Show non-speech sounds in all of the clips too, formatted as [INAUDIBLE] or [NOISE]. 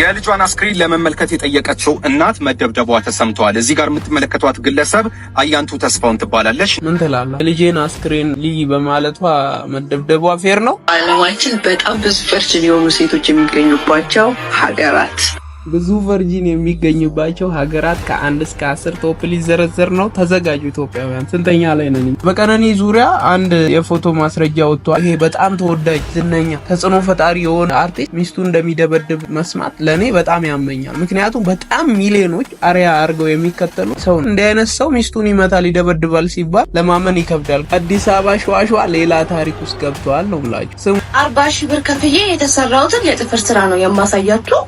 የልጇን አስክሬን ለመመልከት የጠየቀችው እናት መደብደቧ ተሰምተዋል። እዚህ ጋር የምትመለከቷት ግለሰብ አያንቱ ተስፋውን ትባላለች። ምን ትላለህ? ልጄን አስክሬን ልይ በማለቷ መደብደቧ ፌር ነው? አለማችን በጣም ብዙ ፈርችን የሆኑ ሴቶች የሚገኙባቸው ሀገራት ብዙ ቨርጂን የሚገኝባቸው ሀገራት ከአንድ እስከ አስር ቶፕ ሊዘረዘር ነው። ተዘጋጁ ኢትዮጵያውያን። ስንተኛ ላይ ነን? በቀነኒ ዙሪያ አንድ የፎቶ ማስረጃ ወጥቷል። ይሄ በጣም ተወዳጅ ዝነኛ፣ ተጽዕኖ ፈጣሪ የሆነ አርቲስት ሚስቱ እንደሚደበድብ መስማት ለእኔ በጣም ያመኛል። ምክንያቱም በጣም ሚሊዮኖች አሪያ አድርገው የሚከተሉ ሰው እንዲህ አይነት ሰው ሚስቱን ይመታል፣ ይደበድባል ሲባል ለማመን ይከብዳል። አዲስ አበባ ሸዋሸዋ ሌላ ታሪክ ውስጥ ገብተዋል ነው ብላችሁ ስሙ። አርባ ሺህ ብር ከፍዬ የተሰራሁትን የጥፍር ስራ ነው የማሳያችሁ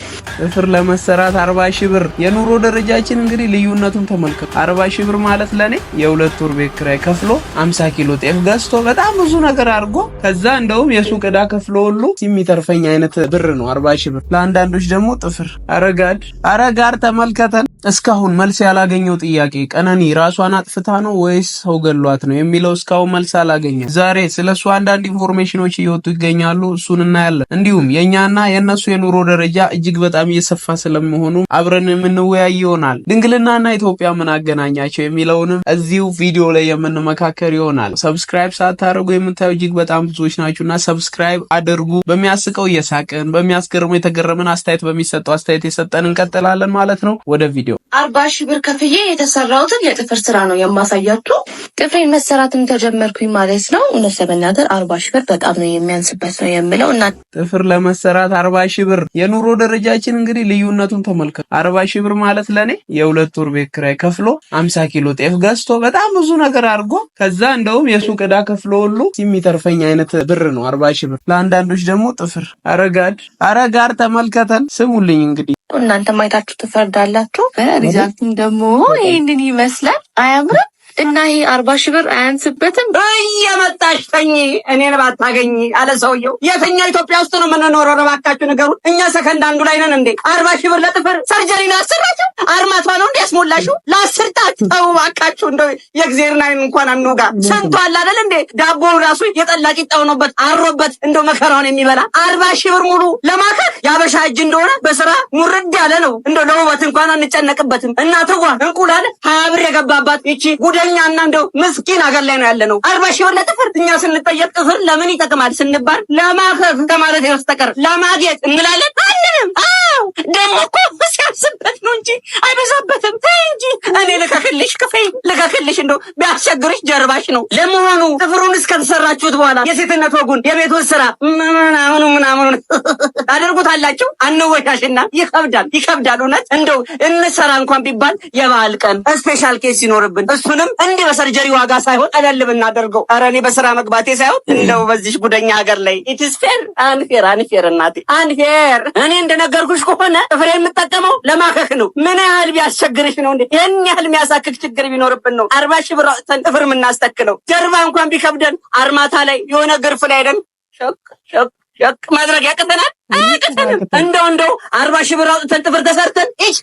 ጥፍር ለመሰራት 40 ሺህ ብር የኑሮ ደረጃችን እንግዲህ ልዩነቱን ተመልከቱ። 40 ሺህ ብር ማለት ለኔ የሁለት ወር ቤት ከፍሎ 50 ኪሎ ጤፍ ገዝቶ በጣም ብዙ ነገር አድርጎ ከዛ እንደውም የሱቅ ዕዳ ከፍሎ ሁሉ የሚተርፈኝ አይነት ብር ነው 40 ሺህ ብር። ለአንዳንዶች ደግሞ ጥፍር አረጋድ አረጋር ተመልከተን እስካሁን መልስ ያላገኘው ጥያቄ ቀነኒ ራሷን አጥፍታ ነው ወይስ ሰው ገሏት ነው የሚለው እስካሁን መልስ አላገኘም። ዛሬ ስለ እሱ አንዳንድ ኢንፎርሜሽኖች እየወጡ ይገኛሉ። እሱን እናያለን። እንዲሁም የእኛና የእነሱ የኑሮ ደረጃ እጅግ በጣም እየሰፋ ስለመሆኑ አብረን የምንወያይ ይሆናል። ድንግልናና ኢትዮጵያ ምን አገናኛቸው የሚለውንም እዚሁ ቪዲዮ ላይ የምንመካከር ይሆናል። ሰብስክራይብ ሳታደርጉ የምታዩ እጅግ በጣም ብዙዎች ናችሁና ሰብስክራይብ አድርጉ። በሚያስቀው እየሳቅን በሚያስገርመው የተገረመን አስተያየት በሚሰጠው አስተያየት የሰጠን እንቀጥላለን ማለት ነው ወደ ቪዲዮ ቪዲዮ አርባ ሺህ ብር ከፍዬ የተሰራውትን የጥፍር ስራ ነው የማሳያችሁ። ጥፍሬን መሰራትም ተጀመርኩኝ ማለት ነው። እውነት ለመናገር አርባ ሺህ ብር በጣም ነው የሚያንስበት ነው የምለው እና ጥፍር ለመሰራት አርባ ሺህ ብር የኑሮ ደረጃችን እንግዲህ ልዩነቱን ተመልከቱ። አርባ ሺህ ብር ማለት ለእኔ የሁለት ወር ቤት ኪራይ ከፍሎ አምሳ ኪሎ ጤፍ ገዝቶ በጣም ብዙ ነገር አድርጎ ከዛ እንደውም የሱቅ ዕዳ ከፍሎ ሁሉ የሚተርፈኝ አይነት ብር ነው አርባ ሺህ ብር። ለአንዳንዶች ደግሞ ጥፍር አረጋድ አረጋድ ተመልከተን ስሙልኝ እንግዲህ እናንተ ማየታችሁ ትፈርዳላችሁ። ሪዛልቱም ደግሞ ይህንን ይመስላል። አያምርም? እና ይሄ አርባ ሺህ ብር አያንስበትም? እየመጣሽ ተኝ እኔን ባታገኝ አለ ሰውየው። የትኛው ኢትዮጵያ ውስጥ ነው የምንኖረው? እባካችሁ ንገሩን። እኛ ሰከንድ አንዱ ላይ ነን እንዴ? አርባ ሺህ ብር ለጥፍር ሰርጀሪ ነው ያሰራችው? አርማቷ ነው እንዴ ያስሞላሽው? ለአስር ጣት ተው እባካችሁ፣ እንደ የእግዜርን አይን እንኳን አንውጋ። ስንቱ አለ አይደል እንዴ ዳቦን ራሱ የጠላ ቂጣ ሆኖበት አሮበት እንደ መከራውን የሚበላ አርባ ሺህ ብር ሙሉ ለማከር ያበሻ እጅ እንደሆነ በስራ ሙርድ ያለ ነው። እንደ ለውበት እንኳን አንጨነቅበትም። እናትዋ እንቁላል ሀያ ብር የገባባት ይቺ ጉደ እንደኛና እንደው ምስኪን አገር ላይ ነው ያለ ነው። አርባ ሺህ ብር ለጥፍር እኛ ስንጠየቅ ጥፍር ለምን ይጠቅማል ስንባል ለማፈፍ ከማለት በስተቀር ለማጌጥ እንላለን አንልም። አዎ ደግሞ እኮ ሲያስበት ነው እንጂ አይበዛበትም። ተይ እንጂ እኔ ልከክልሽ ክፈይ ልከክልሽ እንደው ቢያስቸግርሽ ጀርባሽ ነው። ለመሆኑ ጥፍሩን እስከተሰራችሁት በኋላ የሴትነት ወጉን የቤቱን ስራ ምናምኑ ምናምኑን ታደርጉታላችሁ። አንወሻሽና ይከብዳል ይከብዳል። እውነት እንደው እንሰራ እንኳን ቢባል የበዓል ቀን ስፔሻል ኬስ ይኖርብን እሱንም እንዲህ በሰርጀሪ ዋጋ ሳይሆን ቀለል ብናደርገው። ኧረ እኔ በስራ መግባቴ ሳይሆን እንደው በዚሽ ጉደኛ ሀገር ላይ ኢትስ ፌር አንፌር አንፌር እናቴ አንፌር። እኔ እንደነገርኩሽ ከሆነ ጥፍሬ የምጠቀመው ለማከክ ነው። ምን ያህል ቢያስቸግርሽ ነው እንዴ? ይህን ያህል የሚያሳክክ ችግር ቢኖርብን ነው አርባ ሺህ ብር አውጥተን ጥፍር የምናስተክለው? ጀርባ እንኳን ቢከብደን አርማታ ላይ የሆነ ግርፍ ላይ ደን ሸክ ሸክ ሸክ ማድረግ ያቅተናል። አያቅተንም። እንደው እንደው አርባ ሺህ ብር አውጥተን ጥፍር ተሰርተን ይች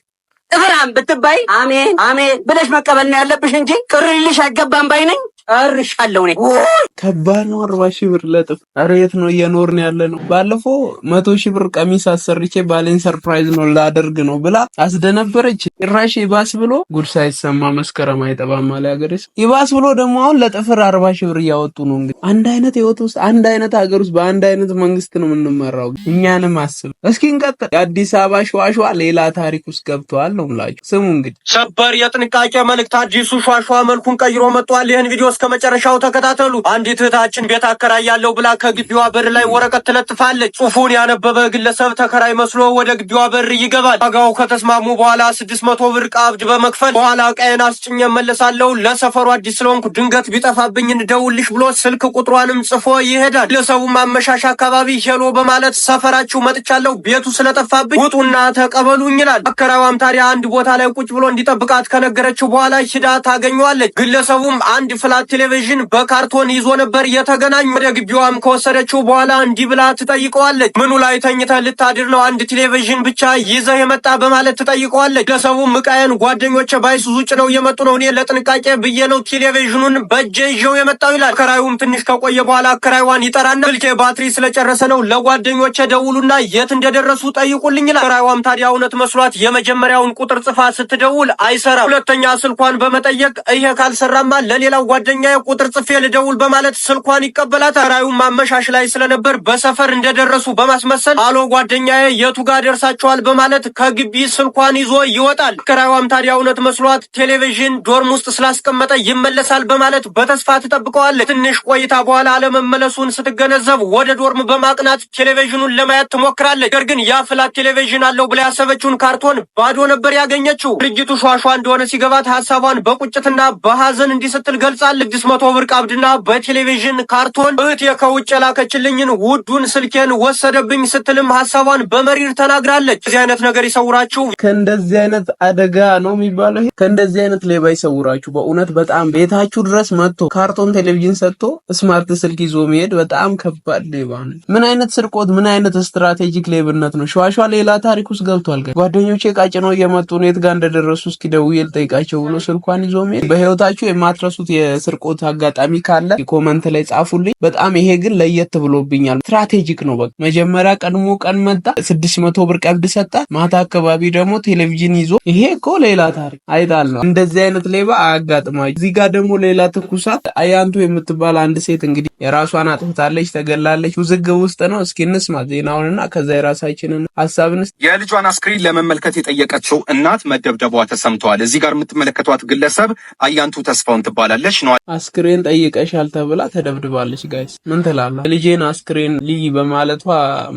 ጥፍራም ብትባይ አሜን አሜን ብለሽ መቀበል ነው ያለብሽ እንጂ ቅርልሽ አይገባም ባይ ነኝ። ጨርሻለሁ። እኔ ከባድ ነው። አርባ ሺህ ብር ለጥፍ። ኧረ የት ነው እየኖርን ያለ ነው? ባለፈው መቶ ሺህ ብር ቀሚስ አሰርቼ ባሌን ሰርፕራይዝ ነው ላደርግ ነው ብላ አስደነበረች። ጭራሽ ይባስ ብሎ ጉድ ሳይሰማ መስከረም አይጠባም አለ ሀገሬ ሰው። ይባስ ብሎ ደግሞ አሁን ለጥፍር አርባ ሺህ ብር እያወጡ ነው። እንግዲህ አንድ አይነት ህይወት ውስጥ አንድ አይነት ሀገር ውስጥ በአንድ አይነት መንግስት ነው የምንመራው። እኛንም አስብ እስኪ እንቀጥል። የአዲስ አበባ ሸዋሸዋ ሌላ ታሪክ ውስጥ ገብተዋል ነው ምላቸው። ስሙ እንግዲህ ሰበር የጥንቃቄ መልእክት። አዲሱ ሸዋሸዋ መልኩን ቀይሮ መጥቷል። ይህን ቪዲዮ እስከ መጨረሻው ተከታተሉ። አንዲት እህታችን ቤት አከራያለሁ ብላ ከግቢዋ በር ላይ ወረቀት ትለጥፋለች። ጽሑፉን ያነበበ ግለሰብ ተከራይ መስሎ ወደ ግቢዋ በር ይገባል። ዋጋው ከተስማሙ በኋላ ስድስት መቶ ብር ቃብድ በመክፈል በኋላ ቀየን አስጭኝ እመለሳለሁ፣ ለሰፈሩ አዲስ ስለሆንኩ ድንገት ቢጠፋብኝ እንደውልሽ ብሎ ስልክ ቁጥሯንም ጽፎ ይሄዳል። ግለሰቡም አመሻሽ አካባቢ ሄሎ በማለት ሰፈራችሁ መጥቻለሁ፣ ቤቱ ስለጠፋብኝ ውጡና ተቀበሉኝ ይላል። አከራዋም ታዲያ አንድ ቦታ ላይ ቁጭ ብሎ እንዲጠብቃት ከነገረችው በኋላ ሂዳ ታገኘዋለች። ግለሰቡም አንድ ፍላት ቴሌቪዥን በካርቶን ይዞ ነበር የተገናኙ። ወደ ግቢዋም ከወሰደችው በኋላ እንዲህ ብላ ትጠይቀዋለች። ምኑ ላይ ተኝተህ ልታድር ነው? አንድ ቴሌቪዥን ብቻ ይዘህ የመጣ በማለት ትጠይቀዋለች። ግለሰቡ ምቃየን ጓደኞቼ ባይሱዙ ጭነው እየመጡ ነው፣ እኔ ለጥንቃቄ ብዬ ነው ቴሌቪዥኑን በእጄ ይዤው የመጣው ይላል። አከራዩም ትንሽ ከቆየ በኋላ አከራይዋን ይጠራና ስልኬ ባትሪ ስለጨረሰ ነው ለጓደኞች ደውሉና የት እንደደረሱ ጠይቁልኝ ይላል። አከራይዋም ታዲያ እውነት መስሏት የመጀመሪያውን ቁጥር ጽፋ ስትደውል አይሰራም። ሁለተኛ ስልኳን በመጠየቅ ይሄ ካልሰራማ ለሌላው ጓደ ጓደኛዬ ቁጥር ጽፌ ልደውል በማለት ስልኳን ይቀበላት። ራዩም ማመሻሽ ላይ ስለነበር በሰፈር እንደደረሱ በማስመሰል አሎ ጓደኛዬ የቱ ጋር ደርሳቸዋል በማለት ከግቢ ስልኳን ይዞ ይወጣል። ከራዩም ታዲያ እውነት መስሏት ቴሌቪዥን ዶርም ውስጥ ስላስቀመጠ ይመለሳል በማለት በተስፋ ትጠብቀዋለች። ትንሽ ቆይታ በኋላ አለመመለሱን ስትገነዘብ ወደ ዶርም በማቅናት ቴሌቪዥኑን ለማየት ትሞክራለች። ነገር ግን ያ ፍላት ቴሌቪዥን አለው ብላ ያሰበችውን ካርቶን ባዶ ነበር ያገኘችው። ድርጅቱ ሿሿ እንደሆነ ሲገባት ሀሳቧን በቁጭትና በሀዘን እንዲስትል ገልጻለች። ስድስት መቶ ብር ቀብድና በቴሌቪዥን ካርቶን እህቴ ከውጭ የላከችልኝን ውዱን ስልኬን ወሰደብኝ ስትልም ሀሳቧን በመሪር ተናግራለች። እዚህ አይነት ነገር ይሰውራችሁ። ከእንደዚህ አይነት አደጋ ነው የሚባለው። ከእንደዚህ አይነት ሌባ ይሰውራችሁ። በእውነት በጣም ቤታችሁ ድረስ መጥቶ ካርቶን ቴሌቪዥን ሰጥቶ ስማርት ስልክ ይዞ መሄድ በጣም ከባድ ሌባ ነው። ምን አይነት ስርቆት፣ ምን አይነት ስትራቴጂክ ሌብነት ነው። ሸዋሸዋ ሌላ ታሪክ ውስጥ ገብቷል። ጓደኞቼ ቃጭ ነው እየመጡ ነው የት ጋር እንደደረሱ እስኪደውዬ ልጠይቃቸው ብሎ ስልኳን ይዞ መሄድ በህይወታችሁ የማትረሱት ስርቆት አጋጣሚ ካለ ኮመንት ላይ ጻፉልኝ። በጣም ይሄ ግን ለየት ብሎብኛል። ስትራቴጂክ ነው። በቃ መጀመሪያ ቀድሞ ቀን መጣ፣ ስድስት መቶ ብር ቀብድ ሰጣት። ማታ አካባቢ ደግሞ ቴሌቪዥን ይዞ ይሄ እኮ ሌላ ታሪክ አይጣል ነው። እንደዚህ አይነት ሌባ አያጋጥማችሁ። እዚህ ጋር ደግሞ ሌላ ትኩሳት አያንቱ የምትባል አንድ ሴት እንግዲህ የራሷን አጥፍታለች፣ ተገላለች፣ ውዝግብ ውስጥ ነው። እስኪ እንስማ ዜናውንና ከዛ የራሳችንን ሀሳብን የልጇን አስክሬን ለመመልከት የጠየቀችው እናት መደብደቧ ተሰምተዋል። እዚህ ጋር የምትመለከቷት ግለሰብ አያንቱ ተስፋውን ትባላለች ነው አስክሬን ጠይቀሻል ተብላ ተደብድባለች። ጋይስ ምን ትላለ? ልጄን አስክሬን ልይ በማለቷ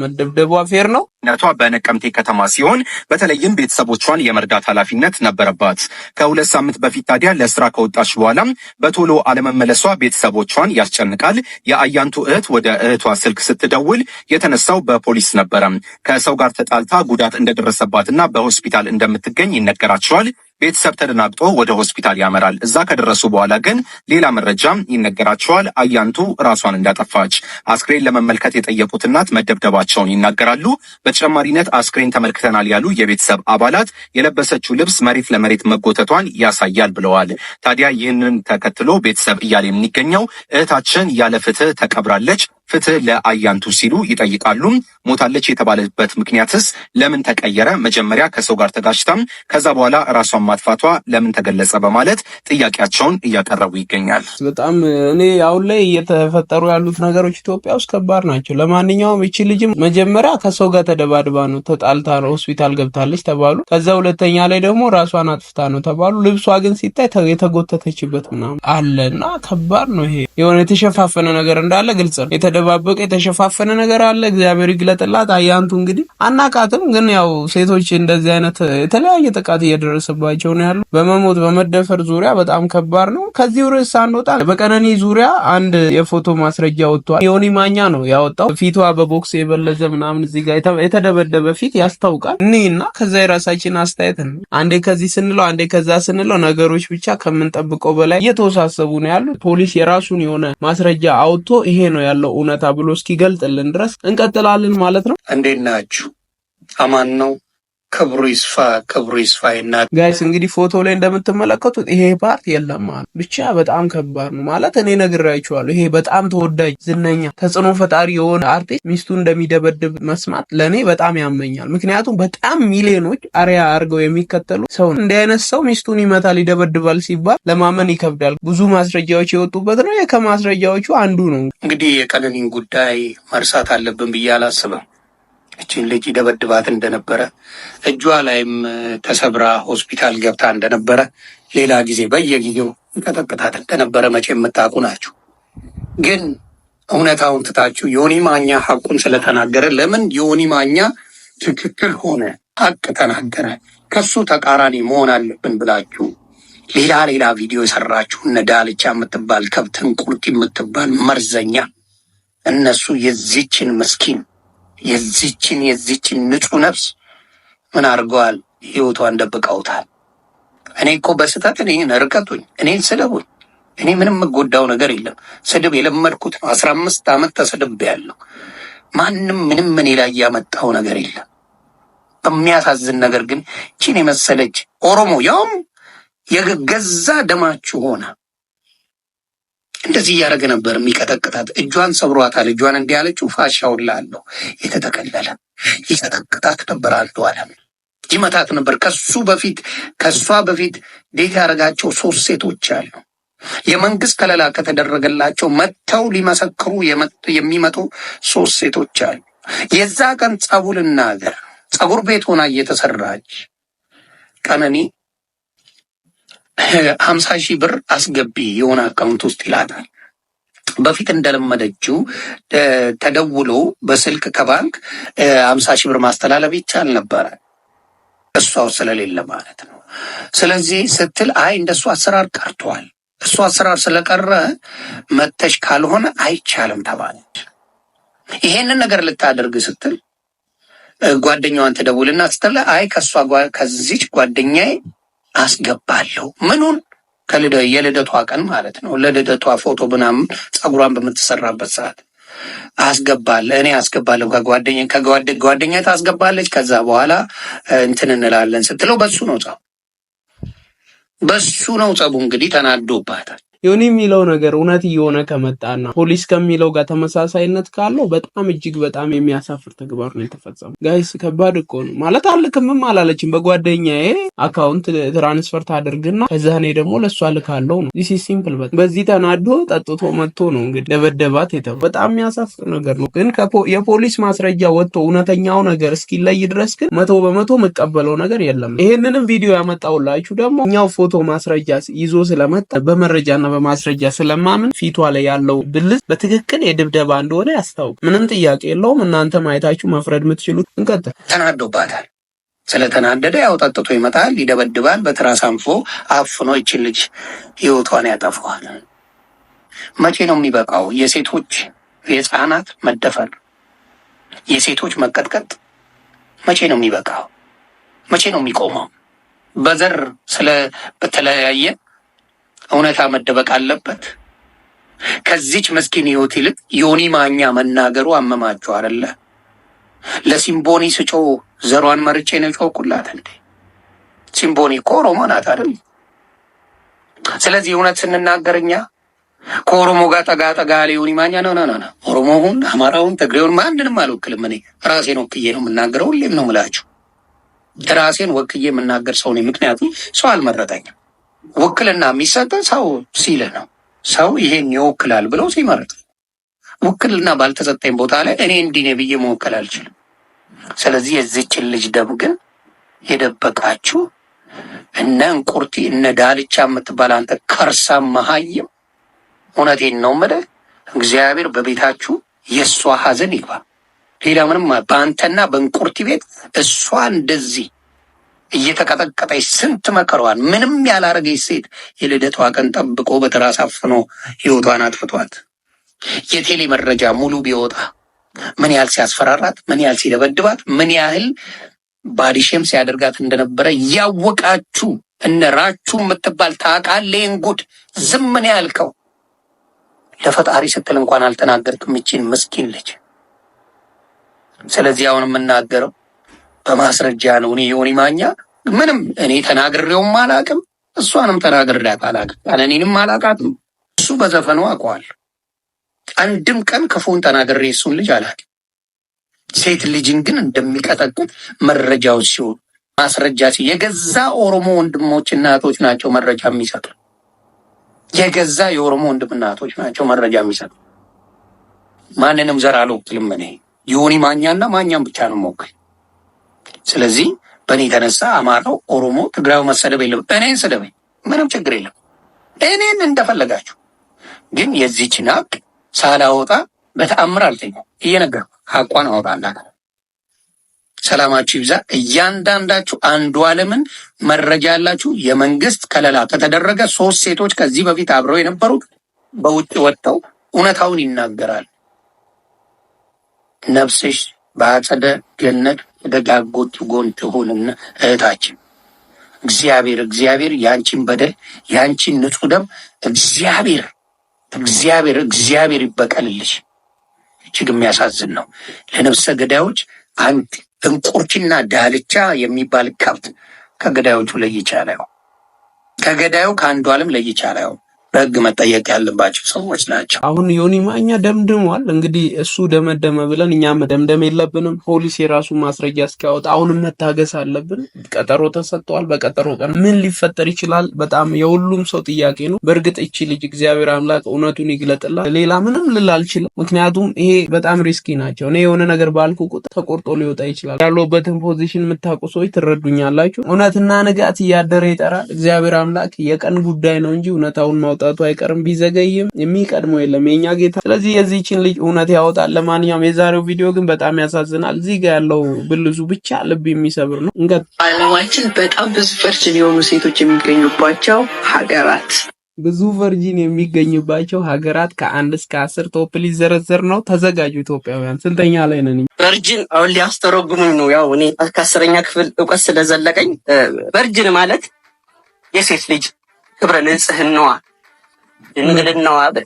መደብደቧ ፌር ነው? ነቷ በነቀምቴ ከተማ ሲሆን በተለይም ቤተሰቦቿን የመርዳት ኃላፊነት ነበረባት። ከሁለት ሳምንት በፊት ታዲያ ለስራ ከወጣች በኋላ በቶሎ አለመመለሷ ቤተሰቦቿን ያስጨንቃል። የአያንቱ እህት ወደ እህቷ ስልክ ስትደውል የተነሳው በፖሊስ ነበረ። ከሰው ጋር ተጣልታ ጉዳት እንደደረሰባትና በሆስፒታል እንደምትገኝ ይነገራቸዋል። ቤተሰብ ተደናግጦ ወደ ሆስፒታል ያመራል። እዛ ከደረሱ በኋላ ግን ሌላ መረጃ ይነገራቸዋል። አያንቱ ራሷን እንዳጠፋች አስክሬን ለመመልከት የጠየቁት እናት መደብደባቸውን ይናገራሉ። በተጨማሪነት አስክሬን ተመልክተናል ያሉ የቤተሰብ አባላት የለበሰችው ልብስ መሬት ለመሬት መጎተቷን ያሳያል ብለዋል። ታዲያ ይህንን ተከትሎ ቤተሰብ እያለ የሚገኘው እህታችን ያለ ፍትህ ተቀብራለች ፍትህ ለአያንቱ ሲሉ ይጠይቃሉ። ሞታለች የተባለበት ምክንያትስ ለምን ተቀየረ? መጀመሪያ ከሰው ጋር ተጋጭታም ከዛ በኋላ ራሷን ማጥፋቷ ለምን ተገለጸ? በማለት ጥያቄያቸውን እያቀረቡ ይገኛል። በጣም እኔ አሁን ላይ እየተፈጠሩ ያሉት ነገሮች ኢትዮጵያ ውስጥ ከባድ ናቸው። ለማንኛውም እቺ ልጅም መጀመሪያ ከሰው ጋር ተደባድባ ነው ተጣልታ ነው ሆስፒታል ገብታለች ተባሉ። ከዛ ሁለተኛ ላይ ደግሞ ራሷን አጥፍታ ነው ተባሉ። ልብሷ ግን ሲታይ የተጎተተችበት ምናምን አለ እና ከባድ ነው ይሄ የሆነ የተሸፋፈነ ነገር እንዳለ ግልጽ ነው። የተደባበቀ የተሸፋፈነ ነገር አለ። እግዚአብሔር ይግለጥላት። አያንቱ እንግዲህ አናቃትም፣ ግን ያው ሴቶች እንደዚህ አይነት የተለያየ ጥቃት እየደረሰባቸው ነው ያሉ። በመሞት በመደፈር ዙሪያ በጣም ከባድ ነው። ከዚህ ርዕስ አንወጣ። በቀነኒ ዙሪያ አንድ የፎቶ ማስረጃ ወጥቷል። ዮኒ ማኛ ነው ያወጣው። ፊቷ በቦክስ የበለዘ ምናምን እዚህ ጋር የተደበደበ ፊት ያስታውቃል። እና ከዛ የራሳችን አስተያየት ነው። አንዴ ከዚህ ስንለው አንዴ ከዛ ስንለው ነገሮች ብቻ ከምንጠብቀው በላይ እየተወሳሰቡ ነው ያሉት። ፖሊስ የራሱን የሆነ ማስረጃ አውጥቶ ይሄ ነው ያለው እውነታ ብሎ እስኪገልጥልን ድረስ እንቀጥላለን ማለት ነው። እንዴት ናችሁ? አማን ነው። ክብሩ ይስፋ ክብሩ ይስፋ ይና ጋይስ እንግዲህ ፎቶ ላይ እንደምትመለከቱት ይሄ ፓርት የለም ማለት ብቻ በጣም ከባድ ነው ማለት እኔ ነግራችኋለሁ። ይሄ በጣም ተወዳጅ ዝነኛ ተጽዕኖ ፈጣሪ የሆነ አርቲስት ሚስቱ እንደሚደበድብ መስማት ለእኔ በጣም ያመኛል። ምክንያቱም በጣም ሚሊዮኖች አሪያ አድርገው የሚከተሉ ሰው እንዲህ አይነት ሰው ሚስቱን ይመታል፣ ይደበድባል ሲባል ለማመን ይከብዳል። ብዙ ማስረጃዎች የወጡበት ነው። ከማስረጃዎቹ አንዱ ነው እንግዲህ የቀነኒን ጉዳይ መርሳት አለብን ብዬ አላስብም። እችን ልጅ ደበድባት እንደነበረ እጇ ላይም ተሰብራ ሆስፒታል ገብታ እንደነበረ ሌላ ጊዜ በየጊዜው ይቀጠቅጣት እንደነበረ መቼ የምታውቁ ናችሁ። ግን እውነታውን ትታችሁ ዮኒ ማኛ ሀቁን ስለተናገረ ለምን ዮኒ ማኛ ትክክል ሆነ ሀቅ ተናገረ ከሱ ተቃራኒ መሆን አለብን ብላችሁ ሌላ ሌላ ቪዲዮ የሰራችሁ እነ ዳልቻ የምትባል ከብትን ቁርጥ የምትባል መርዘኛ እነሱ የዚችን ምስኪን የዚችን የዚችን ንጹህ ነፍስ ምን አድርገዋል? ህይወቷን ደብቀውታል። እኔ እኮ በስህተት እኔን ርቀቱኝ፣ እኔን ስደቡኝ። እኔ ምንም የምጎዳው ነገር የለም። ስድብ የለመድኩት ነው። አስራ አምስት ዓመት ያለው ማንም ምንም እኔ ላይ ያመጣው ነገር የለም። በሚያሳዝን ነገር ግን ቺን የመሰለች ኦሮሞ ያውም የገዛ ደማችሁ ሆና እንደዚህ እያደረገ ነበር የሚቀጠቅጣት። እጇን ሰብሯታል። እጇን እንዲህ ያለችው ፋሻውን የተጠቀለለ ይቀጠቅጣት ነበር። አንዱ አለም ይመታት ነበር። ከሱ በፊት ከእሷ በፊት ዴት ያደረጋቸው ሶስት ሴቶች አሉ። የመንግስት ከለላ ከተደረገላቸው መጥተው ሊመሰክሩ የሚመጡ ሶስት ሴቶች አሉ። የዛ ቀን ጸቡልና ጸጉር ቤት ሆና እየተሰራች ቀነኔ ሀምሳ ሺህ ብር አስገቢ የሆነ አካውንት ውስጥ ይላታል። በፊት እንደለመደችው ተደውሎ በስልክ ከባንክ ሀምሳ ሺህ ብር ማስተላለፍ ይቻል ነበረ፣ እሷ ስለሌለ ማለት ነው። ስለዚህ ስትል አይ እንደሱ አሰራር ቀርቷል፣ እሱ አሰራር ስለቀረ መተሽ ካልሆነ አይቻልም ተባለች። ይሄንን ነገር ልታደርግ ስትል ጓደኛዋን ትደውልና ስትል አይ ከእሷ ከዚች ጓደኛዬ አስገባለሁ። ምኑን የልደቷ ቀን ማለት ነው። ለልደቷ ፎቶ ምናምን ጸጉሯን በምትሰራበት ሰዓት አስገባለ እኔ አስገባለሁ ከጓደኛ ጓደኛ ታስገባለች። ከዛ በኋላ እንትን እንላለን ስትለው በሱ ነው ጸቡ፣ በሱ ነው ጸቡ። እንግዲህ ተናዶባታል። ዮኒ የሚለው ነገር እውነት እየሆነ ከመጣና ፖሊስ ከሚለው ጋር ተመሳሳይነት ካለው በጣም እጅግ በጣም የሚያሳፍር ተግባር ነው የተፈጸመው። ጋይስ ከባድ እኮ ነው ማለት አልክምም አላለችም። በጓደኛዬ አካውንት ትራንስፈር ታደርግና ከዛ እኔ ደግሞ ለእሷ ልካለው ነው። ዚስ ሲምፕል። በዚህ ተናዶ ጠጥቶ መጥቶ ነው እንግዲህ ደበደባት የተ በጣም የሚያሳፍር ነገር ነው ግን የፖሊስ ማስረጃ ወጥቶ እውነተኛው ነገር እስኪለይ ድረስ ግን መቶ በመቶ የምቀበለው ነገር የለም። ይሄንንም ቪዲዮ ያመጣውላችሁ ደግሞ እኛው ፎቶ ማስረጃ ይዞ ስለመጣ በመረጃና በማስረጃ ስለማምን ፊቷ ላይ ያለው ብልዝ በትክክል የድብደባ እንደሆነ ያስታውቅ። ምንም ጥያቄ የለውም። እናንተ ማየታችሁ መፍረድ የምትችሉት። እንቀጥል። ተናዶባታል። ስለተናደደ ያው ጠጥቶ ይመጣል፣ ይደበድባል፣ በትራስ አንፎ አፍኖ ይችን ልጅ ህይወቷን ያጠፋዋል። መቼ ነው የሚበቃው? የሴቶች የህፃናት መደፈር፣ የሴቶች መቀጥቀጥ መቼ ነው የሚበቃው? መቼ ነው የሚቆመው? በዘር ስለተለያየ እውነታ መደበቅ አለበት። ከዚች መስኪን ህይወት ይልቅ ዮኒ ማኛ መናገሩ አመማችሁ አደለ? ለሲምቦኒ ስጮ ዘሯን መርጬ ነው ጮቁላት እንዴ? ሲምቦኒ እኮ ኦሮሞ ናት አደል? ስለዚህ እውነት ስንናገር እኛ ከኦሮሞ ጋር ጠጋ ጠጋ ያለ ዮኒ ማኛ ነው ነው ነው ኦሮሞውን፣ አማራውን፣ ትግሬውን ማንንም አልወክልም። እኔ ራሴን ወክዬ ነው የምናገረው። ሁሌም ነው ምላችሁ ራሴን ወክዬ የምናገር ሰው ነኝ። ምክንያቱም ሰው አልመረጠኝም። ውክልና የሚሰጥ ሰው ሲል ነው። ሰው ይሄን ይወክላል ብለው ሲመረጥ ውክልና ባልተሰጠኝ ቦታ ላይ እኔ እንዲህ ነኝ ብዬ መወከል አልችልም። ስለዚህ የዚችን ልጅ ደም ግን የደበቃችሁ እነ እንቁርቲ እነ ዳልቻ የምትባል አንተ ከርሳ መሀይም፣ እውነቴን ነው የምልህ እግዚአብሔር በቤታችሁ የእሷ ሀዘን ይግባ። ሌላ ምንም በአንተና በእንቁርቲ ቤት እሷ እንደዚህ እየተቀጠቀጠች ስንት መከሯን ምንም ያላረገች ሴት የልደቷ ቀን ጠብቆ በትራስ አፍኖ ህይወቷን አጥፍቷት የቴሌ መረጃ ሙሉ ቢወጣ ምን ያህል ሲያስፈራራት፣ ምን ያህል ሲደበድባት፣ ምን ያህል ባዲሼም ሲያደርጋት እንደነበረ ያወቃችሁ እነ ራቹ የምትባል ታውቃለህ ጉድ ዝም ምን ያልከው ለፈጣሪ ስትል እንኳን አልተናገርክም። ይችን ምስኪን ልጅ ስለዚህ አሁን የምናገረው በማስረጃ ነው። እኔ ዮኒ ማኛ ምንም እኔ ተናግሬውም አላቅም፣ እሷንም ተናግሬያት አላቅም፣ ቀነኒንም አላቃትም። እሱ በዘፈኑ አውቀዋለሁ አንድም ቀን ክፉን ተናግሬ እሱን ልጅ አላቅም። ሴት ልጅን ግን እንደሚቀጠቅጥ መረጃዎች ሲሆን ማስረጃ ሲ የገዛ ኦሮሞ ወንድሞች እናቶች ናቸው መረጃ የሚሰጡ የገዛ የኦሮሞ ወንድም እናቶች ናቸው መረጃ የሚሰጡ። ማንንም ዘር አልወክልም እኔ ዮኒ ማኛና ማኛም ብቻ ነው የምወክል። ስለዚህ በእኔ የተነሳ አማራው፣ ኦሮሞ፣ ትግራዊ መሰደብ የለም። እኔን ስደበኝ ምንም ችግር የለም። እኔን እንደፈለጋችሁ ግን የዚች ናቅ ሳላወጣ በተአምር አልተኛ እየነገር ሀቋን አወጣላት። ሰላማችሁ ይብዛ። እያንዳንዳችሁ አንዱ አለምን መረጃ ያላችሁ የመንግስት ከለላ ከተደረገ ሶስት ሴቶች ከዚህ በፊት አብረው የነበሩት በውጭ ወጥተው እውነታውን ይናገራል። ነፍስሽ በአጸደ ገነት ደጋጎቹ ጎን ትሆንና እህታችን እግዚአብሔር እግዚአብሔር ያንቺን በደል ያንቺን ንጹህ ደም እግዚአብሔር እግዚአብሔር እግዚአብሔር ይበቀልልሽ። እጅግ የሚያሳዝን ነው። ለነፍሰ ገዳዮች አንድ እንቁርችና ዳልቻ የሚባል ከብት ከገዳዮቹ ለይቻላዩ ከገዳዩ ከአንዱ ዓለም ለይቻላዩ በህግ መጠየቅ ያለባቸው ሰዎች ናቸው። አሁን ዮኒ ማኛ ደምድሟል። እንግዲህ እሱ ደመደመ ብለን እኛ ደምደም የለብንም። ፖሊስ የራሱ ማስረጃ እስኪያወጣ አሁንም መታገስ አለብን። ቀጠሮ ተሰጥተዋል። በቀጠሮ ቀን ምን ሊፈጠር ይችላል? በጣም የሁሉም ሰው ጥያቄ ነው። በእርግጥ እቺ ልጅ እግዚአብሔር አምላክ እውነቱን ይግለጥላል። ሌላ ምንም ልል አልችልም። ምክንያቱም ይሄ በጣም ሪስኪ ናቸው። እኔ የሆነ ነገር ባልኩ ቁጥር ተቆርጦ ሊወጣ ይችላል። ያለበትን ፖዚሽን የምታውቁ ሰዎች ትረዱኛላችሁ። እውነትና ንጋት እያደረ ይጠራል። እግዚአብሔር አምላክ የቀን ጉዳይ ነው እንጂ እውነታውን ማውጣት መውጣቱ አይቀርም ቢዘገይም የሚቀድመው የለም የኛ ጌታ። ስለዚህ የዚህችን ልጅ እውነት ያወጣል። ለማንኛውም የዛሬው ቪዲዮ ግን በጣም ያሳዝናል። እዚህ ጋ ያለው ብልዙ ብቻ ልብ የሚሰብር ነው። እንገ አለማችን በጣም ብዙ ቨርጅን የሆኑ ሴቶች የሚገኙባቸው ሀገራት ብዙ ቨርጂን የሚገኝባቸው ሀገራት ከአንድ እስከ አስር ቶፕ ሊዘረዘር ነው። ተዘጋጁ ኢትዮጵያውያን። ስንተኛ ላይ ነን? ቨርጂን አሁን ሊያስተረጉሙኝ ነው። ያው እኔ ከአስረኛ ክፍል እውቀት ስለዘለቀኝ ቨርጂን ማለት የሴት ልጅ ክብረ ንጽህናዋ ድንግልናዋ በል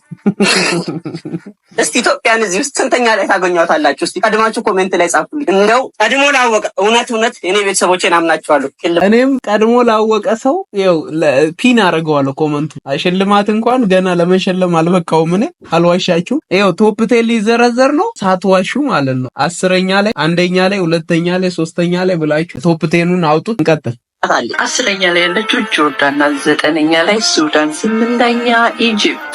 እስቲ ኢትዮጵያን እዚህ ውስጥ ስንተኛ ላይ ታገኟታላችሁ? እስቲ ቀድማችሁ ኮሜንት ላይ ጻፉልኝ። እንደው ቀድሞ ላወቀ እውነት እውነት እኔ ቤተሰቦቼን አምናችኋለሁ። እኔም ቀድሞ ላወቀ ሰው ው ፒን አደርገዋለሁ ኮመንቱ። ሽልማት እንኳን ገና ለመሸለም አልበቃውም። እኔ አልዋሻችሁ። ው ቶፕቴን ሊዘረዘር ነው ሳትዋሹ ማለት ነው። አስረኛ ላይ አንደኛ ላይ ሁለተኛ ላይ ሶስተኛ ላይ ብላችሁ ቶፕቴኑን አውጡት። እንቀጥል አስረኛ ላይ ያለችው ጆርዳን ናት። ዘጠነኛ ላይ ሱዳን፣ ስምንተኛ ኢጅፕት፣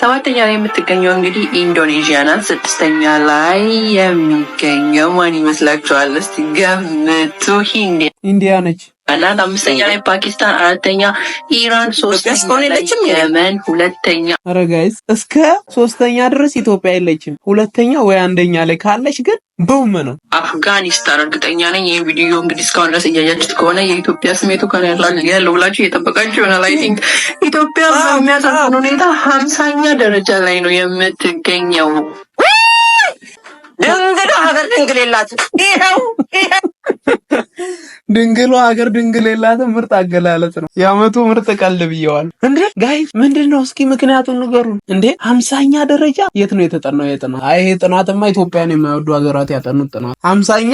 ሰባተኛ ላይ የምትገኘው እንግዲህ ኢንዶኔዥያ ናት። ስድስተኛ ላይ የሚገኘው ማን ይመስላችኋል? እስቲ ገምቱ። ሂንዲያ ነች። እናት፣ አምስተኛ ላይ ፓኪስታን፣ አራተኛ ኢራን፣ ሶስተኛ ላይ የመን፣ ሁለተኛ ኧረ ጋይስ እስከ ሶስተኛ ድረስ ኢትዮጵያ የለችም። ሁለተኛ ወይ አንደኛ ላይ ካለች ግን በውመ ነው። አፍጋኒስታን እርግጠኛ ነኝ። ይህ ቪዲዮ እንግዲህ እስካሁን ድረስ እያያችሁት ከሆነ የኢትዮጵያ ስሜቱ ከ ያለው ብላችሁ እየጠበቃችሁ ይሆናል። አይ ቲንክ ኢትዮጵያ በሚያሳፍን ሁኔታ ሀምሳኛ ደረጃ ላይ ነው የምትገኘው። ድንግል የላትም። ይኸው ድንግሏ ሀገር ድንግል የላትም። ምርጥ አገላለጽ ነው። የአመቱ ምርጥ ቀል ብየዋል። እንዴ ጋይ ምንድን ነው? እስኪ ምክንያቱን ንገሩን። እንዴ ሀምሳኛ ደረጃ የት ነው የተጠናው? የጥናት አይ ይሄ ጥናትማ ኢትዮጵያን የማይወዱ ሀገራት ያጠኑት ጥናት ሀምሳኛ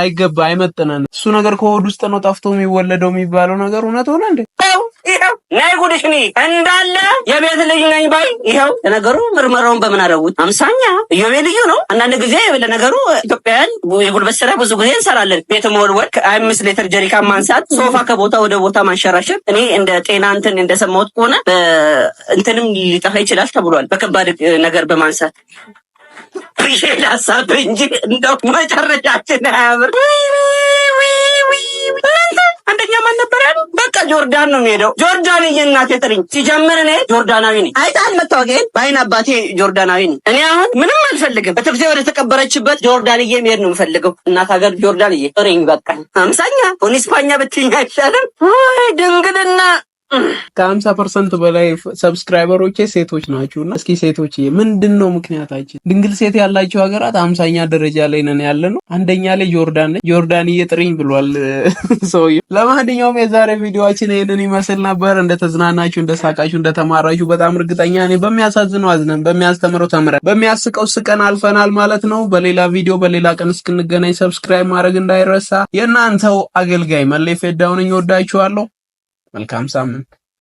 አይገባ አይመጥነን። እሱ ነገር ከሆድ ውስጥ ነው ጠፍቶ የሚወለደው የሚባለው ነገር እውነት ሆነ እንዴ? ይኸው ናይ ጉድሽኒ እንዳለ የቤት ልጅ ነኝ ባይ ይኸው። ለነገሩ ምርመራውን በምን አደረጉት? አምሳኛ እዮቤ ልዩ ነው። አንዳንድ ጊዜ ለነገሩ ኢትዮጵያውያን የጉልበት ስራ ብዙ ጊዜ እንሰራለን። ቤት መወልወል፣ አምስት ሌትር ጀሪካ ማንሳት፣ ሶፋ ከቦታ ወደ ቦታ ማንሸራሸር። እኔ እንደ ጤና እንትን እንደሰማሁት ከሆነ እንትንም ሊጠፋ ይችላል ተብሏል። በከባድ ነገር በማንሳት ላሳብ እንጂ እንደው መጨረሻችን አያምር አንደኛ ማን ነበረ? በቃ ጆርዳን ነው የሚሄደው። ጆርዳን የእናቴ ጥሪኝ ሲጀምር እኔ ጆርዳናዊ ነኝ። አይጣል መታወቂያዬን በአይን አባቴ ጆርዳናዊ ነኝ። እኔ አሁን ምንም አልፈልግም። ቤተክርስቲያን ወደ ተቀበረችበት ጆርዳንዬ መሄድ ነው የምፈልገው። እናት ሀገር ጆርዳንዬ ጥሪኝ። በቃ አምሳኛ ሆን ስፓኛ ብትይኝ አይሻልም? ድንግልና ከሀምሳ ፐርሰንት በላይ ሰብስክራይበሮቼ ሴቶች ናችሁ እና እስኪ ሴቶች ምንድን ነው ምክንያታችን? ድንግል ሴት ያላቸው ሀገራት አምሳኛ ደረጃ ላይ ነን ያለ ነው። አንደኛ ላይ ጆርዳን ነች። ጆርዳን እየጥሪኝ ብሏል [LAUGHS] ሰውዬው። ለማንኛውም የዛሬ ቪዲዮችን ይህንን ይመስል ነበር። እንደተዝናናችሁ፣ እንደሳቃችሁ፣ እንደተማራችሁ በጣም እርግጠኛ ነኝ። በሚያሳዝነው አዝነን፣ በሚያስተምረው ተምረን፣ በሚያስቀው ስቀን አልፈናል ማለት ነው። በሌላ ቪዲዮ በሌላ ቀን እስክንገናኝ ሰብስክራይብ ማድረግ እንዳይረሳ። የእናንተው አገልጋይ መለፌ ዳውን እወዳችኋለሁ። መልካም ሳምንት